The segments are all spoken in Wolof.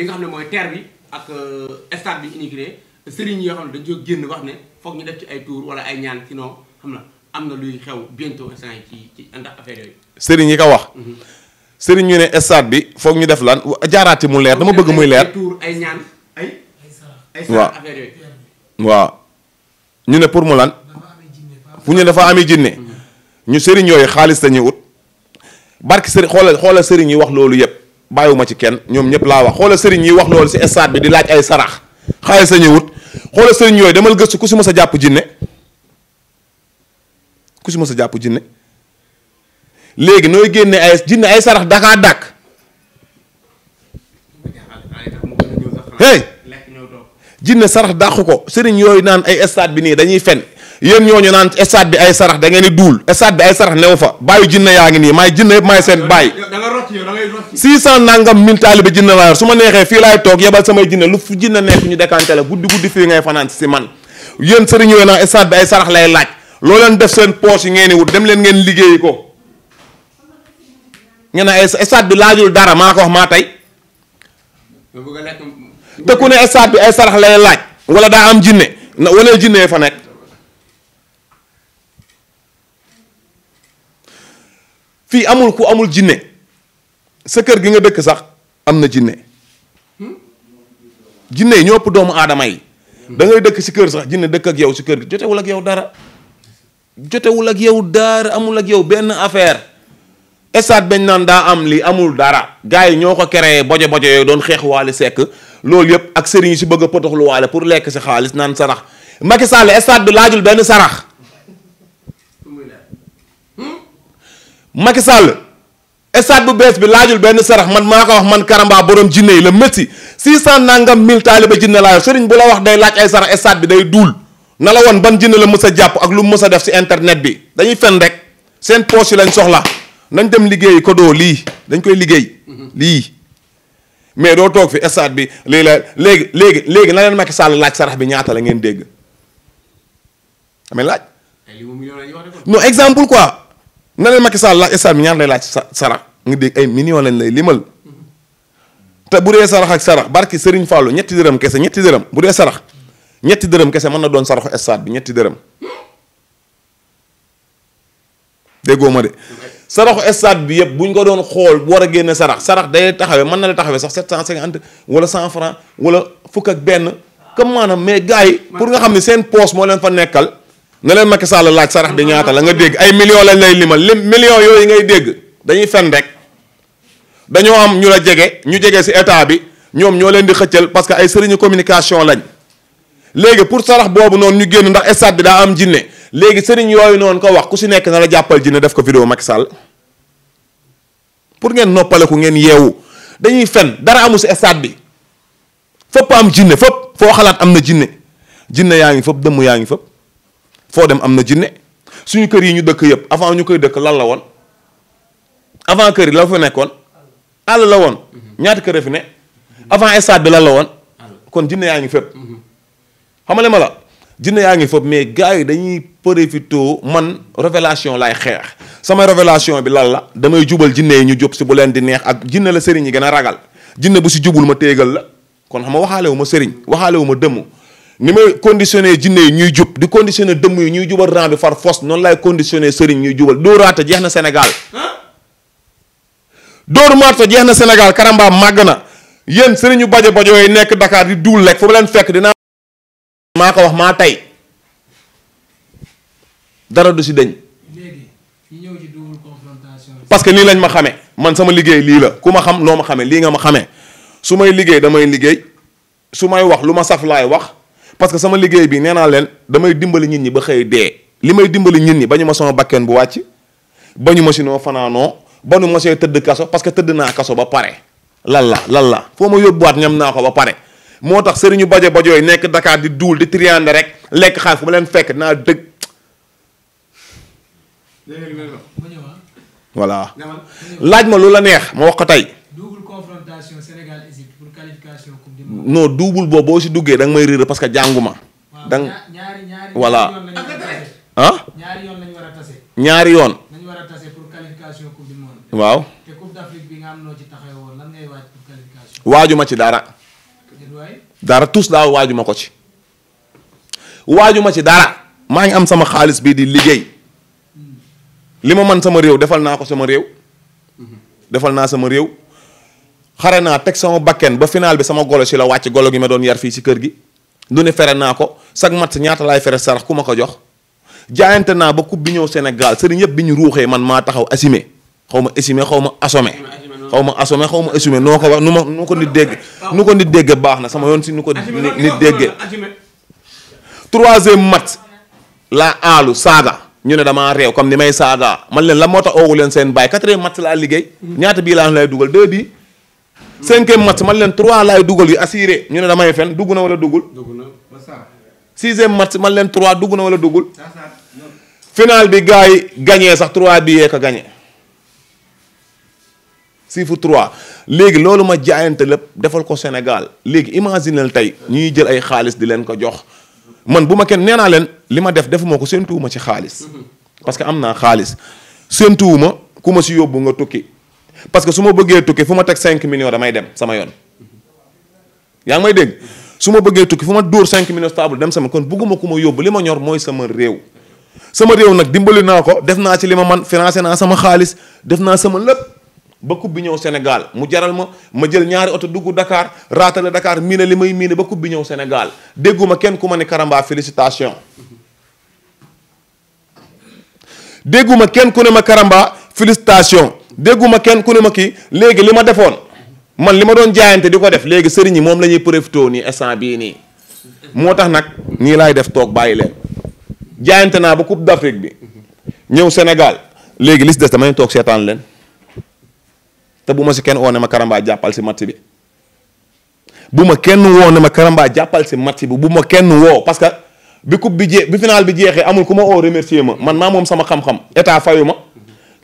li nga xam ne mooy terre bi ak euh, stade bi inauguré sëriñ yoo xam génn wax ne foog ñu def ci ay tour wala ay ñaan sinon am na luy xew bientôt instant yi ci ci sëriñ yi ko wax. Mhm. ñu ne stade bi foog ñu def lan jaaraati mu leer dama bëgg muy leer ay tour ay ñaan ñu ne pour mu lan fu ñu dafa amee jinne mhm. ñu sëriñ yooyu xaalis dañuy ut barki sëriñ xoolal xoolal sëriñ yi wax loolu yëpp. bàyyiwuma ci kenn ñoom ñëpp laa wax xoola sëriñ yi wax loolu si stade bi di laaj ay sarax xaalis sa ñëwut xoola sëriñ yooyu demal gësu ku si mës a jàpp jinne ku si mës a jàpp jinne léegi nooy génne ay jinne ay sarax dakaa dàkk hey jinne sarax dàqu ko sëriñ yooyu naan ay stade bi nii dañuy fen yéen ñooñu naan stade bi ay sarax da ngeen di duul stade bi ay sarax new fa bàyyi jinne yaa ngi nii maay jinne yëpp maay seen bàyyi. da nga rocc yow da ngay rocc. 600 jinne laa su ma neexee fii laay toog yebal samay jinne lu fu jinne nekk ñu décanté la guddi guddi fii ngay fanaan si man yéen sëriñ yooyu naan stade bi ay sarax lay laaj loo leen def seen poche yi ngeen di wut dem leen ngeen liggéeyi ko ngeen ay stade bi laajul dara maa ko wax maa tey. te ne stade bi ay sarax lay laaj. wala daa am jinne na wala jinne fa nekk fii amul ku amul jinne sa kër gi nga dëkk sax am na jinne jinne yi ñoo ëpp doomu aadama yi dangay dëkk si kër sax jinne dëkk ak yow si kër gi jotewul ak yow dara jotewul ak yow dara amul ak yow benn affaire estat bañ naan daa am lii amul dara gaa yi ñoo ko créé bojo bojo yooyu doon xeex waale sekk loolu yëpp ak sëriñ yi si bëgg a potoxlu waale pour lekk si xaalis naan sarax Macky Sall estat bi laajul benn sarax Macky Sall stade bu bees bi laajul benn sarax man maa ko wax man Karamba borom jinne yi la métti six cent nangam mille taaliba jinne laa yor bu la wax day laaj ay sarax stade bi day duul na la woon ban jinne la mës a jàpp ak lu mës a def si internet bi dañuy fen rek seen poche yi lañ soxla nañ dem liggéey kodoo lii dañ koy liggéey lii mais doo toog fi stade bi lii la léegi léegi léegi na leen Macky Sall laaj sarax bi ñaata la ngeen dégg amee laaj exemple quoi na leen Macky Sall laaj état bi ñaar lay laaj sarax nga dégg ay millions lañ lay limal te bu dee sarax ak sarax barki sëriñ Fallou ñetti dërëm kese ñetti dërëm bu dee sarax ñetti dërëm kese mën na doon saraxu état bi ñetti dërëm déggoo ma de. saraxu stade bi yëpp bu ñu ko doon xool bu war a génne sarax sarax day taxawee mën na la taxawee sax 750 wala 100 francs wala fukk ak benn comme maanaam mais gars yi pour nga xam ne seen poche moo leen fa nekkal na leen Macky Sall laaj sarax bi ñaata la nga dégg ay millions lañ lay lima lim millions yooyu ngay dégg dañuy fen rek dañoo am ñu la jege ñu jege si état bi ñoom ñoo leen di xëccal parce que ay sëriñu communication lañ léegi pour sarax boobu noonu ñu génn ndax stade bi daa am jinne léegi sëriñ yooyu noonu ko wax ku si nekk na la jàppal jinne def ko vidéo Macky Sall pour ngeen noppaleku ngeen yeewu dañuy fen dara amu si stade bi fépp am jinne fépp foo xalaat am na jinne jinne yaa ngi fépp dëmm yaa ngi fépp foo dem am na jinne suñu kër yi ñu dëkk yëpp avant ñu koy dëkk lan la woon avant kër yi la fa nekkoon àll la woon ñaata kër fi ne avant stade bi lan la woon kon jinne yaa ngi fépp xamale ma la jinne yaa ngi fépp mais gars yi dañuy profité man révélation laay xeex sama révélation bi lan la damay jubal jinne yi ñu jub si bu leen di neex ak jinne la sëriñ yi gën a ragal jinne bu si jubul ma téegal la kon xam nga waxaale wu ma sëriñ waxaale wu ma dëmm ni may conditionné jinne yi ñuy jub di conditionné dëmm yi ñuy jubal rang bi far fos noonu laay conditionné sëriñ ñuy jubal dóoraate jeex na Sénégal dóor maata jeex na Sénégal karamba màgg na yéen sëriñu bajo bajo yi nekk Dakar di du lekk fu leen fekk dinaa maa ko wax maa tey dara du si deñ parce que nii lañ ma xame man sama liggéey lii la ku ma xam loo ma xamee lii nga ma xame su may liggéey damay liggéey su may wax lu ma saf laay wax parce que sama liggéey bi nee naa leen damay dimbali nit ñi ba xëy dee li may dimbali nit ñi bañu ma sama bakkeen bu wàcc bañu ma si noo fanaanoo bañu ma see tëdd kaso parce que tëdd naa kaso ba pare lan la lan la foo ma yóbbuwaat ñam naa ko ba pare moo tax sëriñu bajo bajo yi nekk Dakar di duul di triande rek lekk xaalis fu ma leen fekk naa dëgg ah. voilà laaj ma lu la neex ma wax ko tey cooptation Sénégal Égypte pour qualification boobu boo si duggee da nga may réer parce que jànguma. da nga ñaari ah. ñaari yoon waaw te coupe lan ngay waaj pour waajuma ci dara. dara tous daal waajuma ko ci. waajuma ci dara. maa ngi am sama xaalis bii di liggéey. Hmm. li ma man sama réew defal naa ko sama réew. Hmm. defal naa sama réew. xare naa teg sama bakken ba finaal bi sama golo si la wàcc golo gi ma doon yar fii si kër gi lu ne fere naa ko chaque match ñaata laay fere sarax ku ma ko jox jaayante naa ba coupe bi ñëw Sénégal sëriñ yëpp bi ñu ruuxee man maa taxaw assumé xaw ma assumé xaw ma assomé xaw ma assomé xaw ma assumé noo ko wax nu ma nu ko nit dégg nu ko nit dégg baax na sama yoon si nu ko nit déggee troisième match laa aalu saaga ñu ne damaa réew comme ni may saaga man leen la moo tax oowu leen seen bàyyi quatrième match laa liggéey ñaata bii laa lay dugal deux bii cinquième match man leen trois laay dugal yi assuré ñu ne damay fen dugg na wala duggul. sixième match man leen trois dugg na wala duggul. final bi gars yi gagné sax trois bi yee ko gagné. chiffre trois léegi loolu ma jaayante lépp defal ko Sénégal léegi imaginel tey ñuy jël ay xaalis di leen ko jox man bu ma kenn nee naa leen li ma def defuma ko séntuwuma ci xaalis. Mm-hmm. parce que am naa xaalis séntuwuma ku ma si yóbbu nga tukki. parce que su ma bëggee tukki fu ma teg 5 millions damay dem sama yoon yaa ngi may dégg su ma bëggee tukki fu ma dóor cinq millions table dem sama kon bëgguma ku ma yóbbu li ma ñor mooy sama réew. sama réew nag dimbali naa ko def naa ci li ma man financé naa sama xaalis def naa sama lépp ba coupe bi ñëw senegal mu jaral ma ma jël ñaari oto dugg Dakar raatale Dakar miine li may miine ba coupe bi ñëw Sénégal dégguma kenn ku ma ne karambaa félicitation. dégguma kenn ku ne ma Karamba félicitation. dégguma kenn ku ne ma kii léegi li ma defoon man li ma doon jaayante di ko def léegi sëriñ yi moom lañuy ñuy profité nii instant bii nii moo tax nag nii laay def toog bàyyi leen jaayante naa ba coupe d'Afrique bi ñëw Sénégal léegi li si des damay toog seetaan leen te bu ma si kenn woo ne ma karamba jàppal si match bi bu ma kenn woo ne ma karamba jàppal si match bi bu ma kenn woo parce que bi coupe bi jee bi final bi jeexee amul ku ma oo remercier ma man maa moom sama xam-xam état fayu ma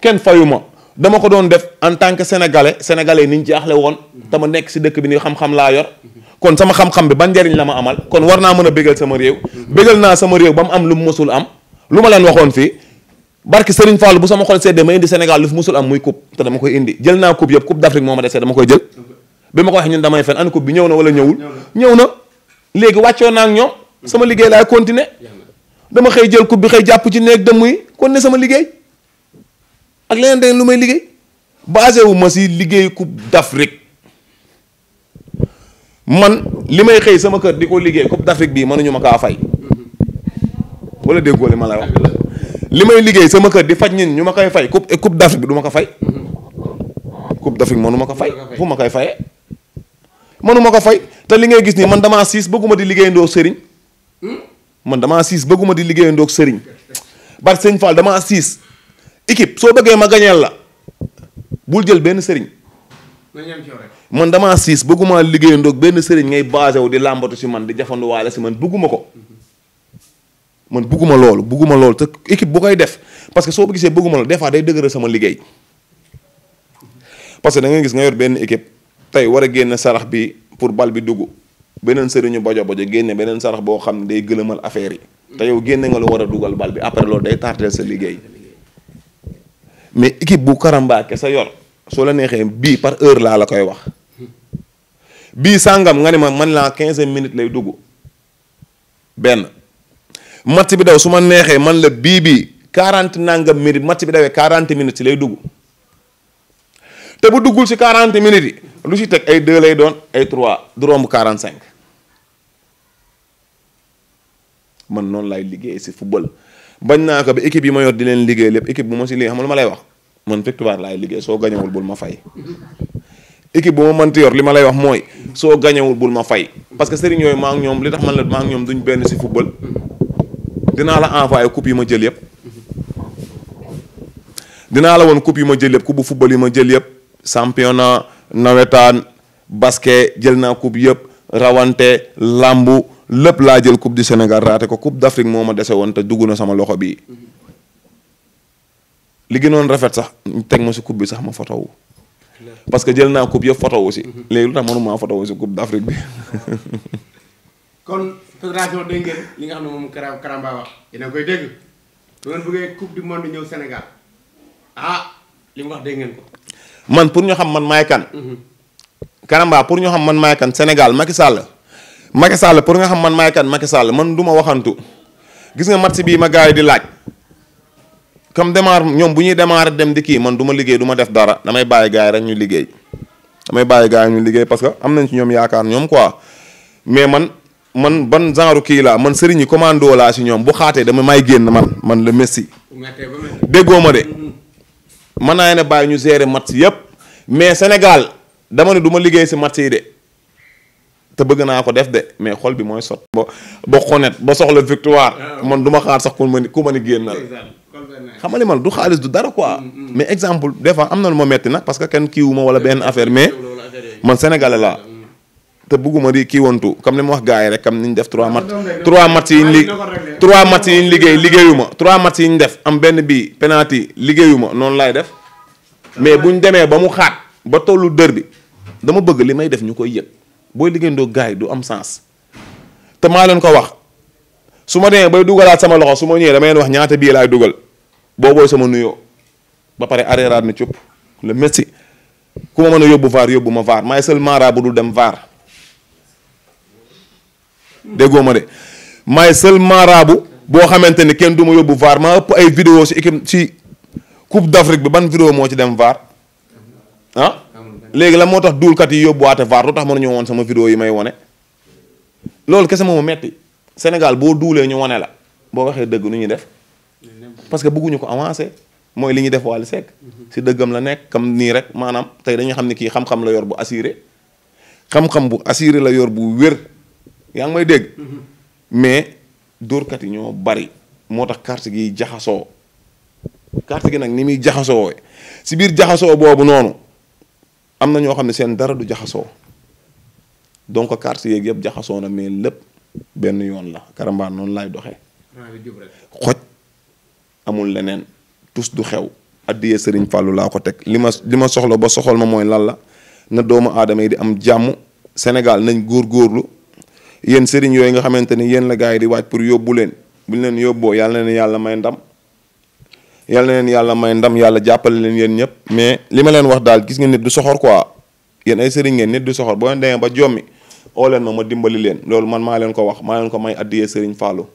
kenn fayu ma dama ko doon def en tant que sénégalais sénégalais niñ ci axle woon te ma nekk si dëkk bi ni xam-xam laa yor kon sama xam-xam bi ban njëriñ la ma amal kon war naa mën a bégal sama réew bégal naa sama réew ba mu am lu mu mosul am lu ma leen waxoon fii barki Serigne Fall bu sama xol sedd ma indi Sénégal lu fi mosul am muy coupe te dama koy indi jël naa coupe yëpp coupe d'Afrique moo ma desee dama koy jël bi ma ko waxee ñun damay fen an coupe bi ñëw na wala ñëwul ñëw na léegi wàccoo naa ak sama liggéey laay continuer dama xëy jël coupe bi xëy jàpp ci néeg dem muy kon ne sama liggéey ak leneen leneen lu may liggéey basé wu ma si liggéey coupe d'Afrique man li may xëy sama kër di ko liggéey coupe d'Afrique bii mënuñu ma kaa fay wala déggoo li ma lay wax li may liggéey sama kër di faj ñin ñu ma koy fay coupe d'Afrique bi du ma ko fay coupe d'Afrique mënu ma ko fay ma koy fayee mënu ma ko fay te li ngay gis nii man damaa siis bëgguma di liggéeyandoo sëriñ hmm? man damaa siis bëgguma di liggéeyandoo sëriñ bar sëñ Fall damaa siis équipe soo bëggee ma gañeel la bul jël benn sëriñ. man damaa siis bëgguma liggéeyandoo benn sëriñ ngay basé wu di làmbatu si man di jafanduwaale si man bëgguma ko. man bëgguma loolu bëgguma loolu te équipe bu koy def parce que soo ko gisee bëgguma loolu des day dëgëral sama liggéey. parce que da nga gis nga yor benn équipe tey war a génne sarax bi pour bal bi dugg beneen sëriñu bojo bojo génne beneen sarax boo xam ne day gëlëmal affaire yi. te yow génne nga lu war dugal bal bi après loolu day tardeel sa liggéey. mais équipe bu Karamba sa yor soo la neexee bii par heure laa la koy wax bii sàngam nga ne ma man laa quinze minutes lay dugg benn matt bi daw su ma neexee man la bii bii quarante nangam minutes match bi dawee quarante minutes lay dugg te bu duggul si quarante minutes yi lu ci teg ay deux lay doon ay trois du romb quarante cinq man noonu lay liggéey si football. bañ naa ko ba équipe yi ma yor di leen liggéey lépp équipe bu ma si liggéey xam lu ma lay wax man victoire laay liggéey soo gañewul bul ma fay équipe bu ma mënti yor li ma lay wax mooy soo gañewul bul ma fay parce que sëriñ yooyu maa ñoom li tax man la maa ñoom ñoom ñu benn si football dinaa la envoyé coupe yi ma jël yëpp dinaa la woon coupe yi ma jël yëpp coupe bu ma jël yëpp championnat nawetaan basket jël naa coupe yëpp rawante lambu lépp laa jël coupe di Sénégal raate ko coupe d'Afrique moo ma dese woon te dugg na sama loxo bii li gënoon rafet sax teg ma si coupe bi sax ma photo parce que jël naa coupe yëpp photo si léegi lu tax mënu maa photo wu si coupe d'Afrique bi kon fédération dégg li nga xam ne moom Kara Karamba wax yéen a koy dégg bu ñëw Sénégal ah li wax dégg ngeen man pour ñu xam man maay kan mhm. Karamba pour ñu xam man maay kan Sénégal Macky Sall Macky Sall pour nga xam man maay kan Macky man du ma waxantu gis nga match bii ma gars yi di laaj comme démarre ñoom bu ñuy demar dem di kii man duma ma liggéey du ma def dara damay bàyyi gars rek ñu liggéey damay bàyyi gars yi liggéey parce que am nañ ci ñoom yaakaar ñoom quoi mais man man ban genre kii laa man sëriñ yi commando laa si ñoom bu xaatee dama may génn man man la Messi. déggoo ma de. mën naa ne bàyyi ñu gérer match yépp mais Sénégal dama ne duma ma liggéey si match te bëgg naa ko def de mais xol bi mooy sot ba ba xonet ba soxla victoire ah. man du ma xaar sax ku ma ni ku ma ni génnal xamali ma du xaalis du dara quoi mm, mm, mm. mais exemple des fois am na lu ma metti nag parce que kenn kii wu wala benn affaire mais man sénégalais laa te bëgguma di kii wantu comme li ma wax gars yi rek comme ni ñu def trois match ah, trois match yi ñu li yi liggéey liggéeyu ma trois match yi ñu def am benn bii penalty liggéeyu ma noonu laay def mais bu ñu demee ba mu xaat ba tollu dër bi dama bëgg li may def ñu koy yëg booy liggéeyandoo gars yi du am sens te maa leen ko wax su ma demee bay dugalaat sama loxo su ma ñëwee dama leen wax ñaata bii laay dugal boo booy sama nuyoo ba pare areeraat na cëpp le Messi ku ma mën a yóbbu vaar yóbbu ma vaar maay seul mara du dul dem vaar déggoo ma de maay seul marabu boo xamante ni kenn du ma yóbbu vaar maa ëpp ay vidéo si équipe si coupe d'Afrique bi ban vidéo moo ci dem vaar léegi la moo tax duulkat yi yóbbuwaate vaar lu tax mënuñu woon sama vidéo yi may wone loolu kese mooma metti Sénégal boo duulee ñu wone la boo waxee dëgg nu ñuy def parce que bëgguñu ko avancé mooy li ñuy def Wally Seck si dëggam la nekk comme nii rek maanaam tey dañuy xam ne kii xam-xam la yor bu assuré xam-xam bu assuré la yor bu wér yaa ngi may dégg mais dóorkat yi ñoo bari moo tax carte gi jaxasoo carte gi nag ni muy jaxasoo si biir jaxasoo boobu noonu am na ñoo xam ne seen dara du jaxasoo donc quartier yeeg yëpp jaxasoo na mais lépp benn yoon la karambaan noonu laay doxe xoj amul leneen tus du xew. addiye sëriñ fàllu laa ko teg li ma li ma soxla ba soxal ma mooy lan la na doomu aadama yi di am jàmm Sénégal nañ góorgóorlu yéen sëriñ yooyu nga xamante ni yéen la gaa yi di waaj pour yóbbu leen buñ leen yóbboo yàlla na yàlla may ndam. yal na leen yàlla may ndam yàlla jàppale leen yéen ñëpp mais li ma leen wax daal gis ngeen nit du soxor quoi yéen ay sëriñ ngeen nit du soxor boo leen demee ba jommi oo leen ma ma dimbali leen loolu man maa leen ko wax maa leen ko may addiyee sëriñ Fallou